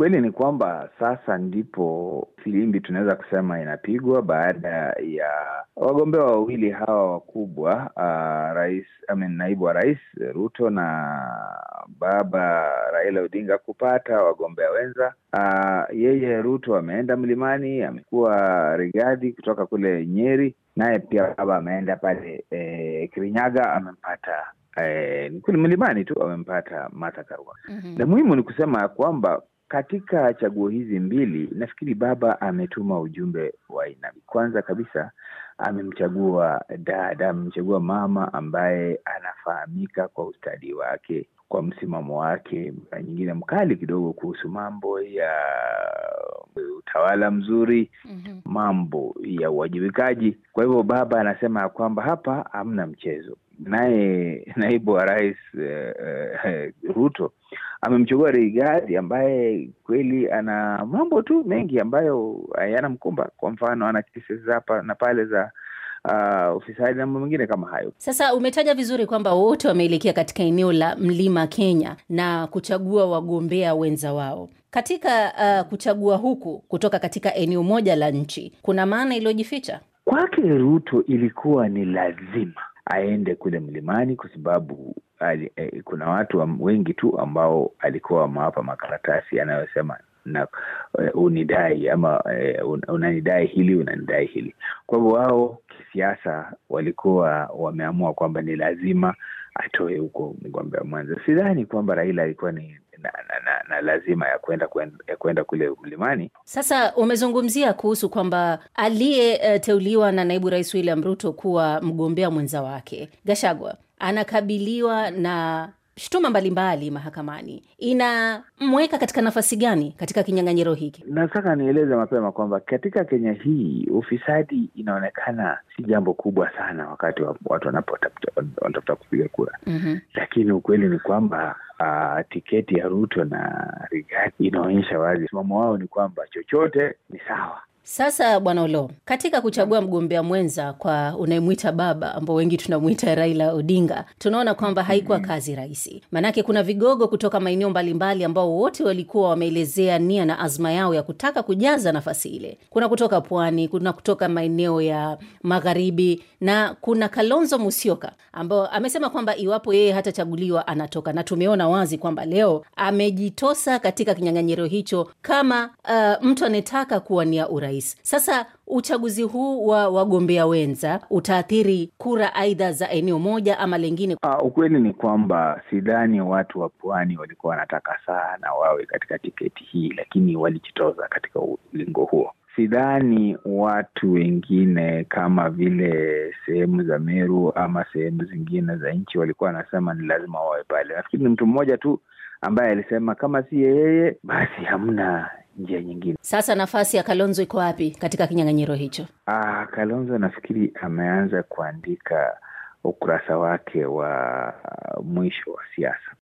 Ukweli ni kwamba sasa ndipo filimbi tunaweza kusema inapigwa baada ya wagombea wawili hawa wakubwa, uh, rais I mean, naibu wa rais Ruto na baba Raila Odinga kupata wagombea wenza. Uh, yeye Ruto ameenda mlimani, amekuwa rigadi kutoka kule Nyeri, naye pia baba ameenda pale eh, Kirinyaga amempata eh, kule mlimani tu amempata Martha Karua. mm -hmm. Na muhimu ni kusema ya kwamba katika chaguo hizi mbili nafikiri baba ametuma ujumbe wa aina. Kwanza kabisa amemchagua dada, amemchagua mama ambaye anafahamika kwa ustadi wake kwa msimamo wake, mara nyingine mkali kidogo kuhusu mambo ya utawala mzuri mm -hmm. mambo ya uwajibikaji. Kwa hivyo baba anasema ya kwamba hapa hamna mchezo. Naye naibu wa rais eh, eh, Ruto amemchagua rigadi ambaye kweli ana mambo tu mengi ambayo yanamkumba. Kwa mfano ana kesi hapa na pale za uh, ufisadi na mambo mengine kama hayo. Sasa umetaja vizuri kwamba wote wameelekea katika eneo la mlima Kenya na kuchagua wagombea wenza wao katika uh, kuchagua huku kutoka katika eneo moja la nchi. Kuna maana iliyojificha kwake. Ruto ilikuwa ni lazima aende kule mlimani kwa sababu ali, eh, kuna watu wengi tu ambao alikuwa wamewapa makaratasi yanayosema na uh, unidai ama uh, unanidai hili unanidai hili. Kwa hivyo wao kisiasa walikuwa wameamua kwamba ni lazima atoe huko mgombea mwenza. Sidhani kwamba Raila alikuwa ni na, na, na, na lazima ya kwenda ya kwenda kule mlimani. Sasa umezungumzia kuhusu kwamba aliyeteuliwa na naibu rais William Ruto kuwa mgombea mwenza wake Gashagwa anakabiliwa na shutuma mbalimbali mahakamani inamweka katika nafasi gani katika kinyang'anyiro hiki? Nataka nieleze mapema kwamba katika Kenya hii ufisadi inaonekana si jambo kubwa sana wakati wa, watu wanapotafuta kupiga kura mm-hmm. Lakini ukweli ni kwamba uh, tiketi ya Ruto na rigai inaonyesha wazi msimamo wao ni kwamba chochote ni sawa sasa Bwana ulo katika kuchagua mgombea mwenza kwa unayemwita baba ambao wengi tunamwita Raila Odinga, tunaona kwamba haikuwa mm-hmm. kazi rahisi, maanake kuna vigogo kutoka maeneo mbalimbali ambao wote walikuwa wameelezea nia na azma yao ya kutaka kujaza nafasi ile. Kuna kutoka Pwani, kuna kutoka maeneo ya Magharibi na kuna Kalonzo Musyoka ambao amesema kwamba iwapo yeye hatachaguliwa anatoka, na tumeona wazi kwamba leo amejitosa katika kinyang'anyiro hicho kama uh, mtu anayetaka kuwania urais urais. Sasa uchaguzi huu wa wagombea wenza utaathiri kura aidha za eneo moja ama lingine? Uh, ukweli ni kwamba sidhani watu wa pwani walikuwa wanataka sana wawe katika tiketi hii, lakini walijitoza katika ulingo huo. Sidhani watu wengine kama vile sehemu za Meru ama sehemu zingine za nchi walikuwa wanasema ni lazima wawe pale. Nafikiri ni mtu mmoja tu ambaye alisema kama si yeye basi hamna njia nyingine. Sasa nafasi ya Kalonzo iko wapi katika kinyang'anyiro hicho? Ah, Kalonzo nafikiri ameanza kuandika ukurasa wake wa mwisho wa siasa.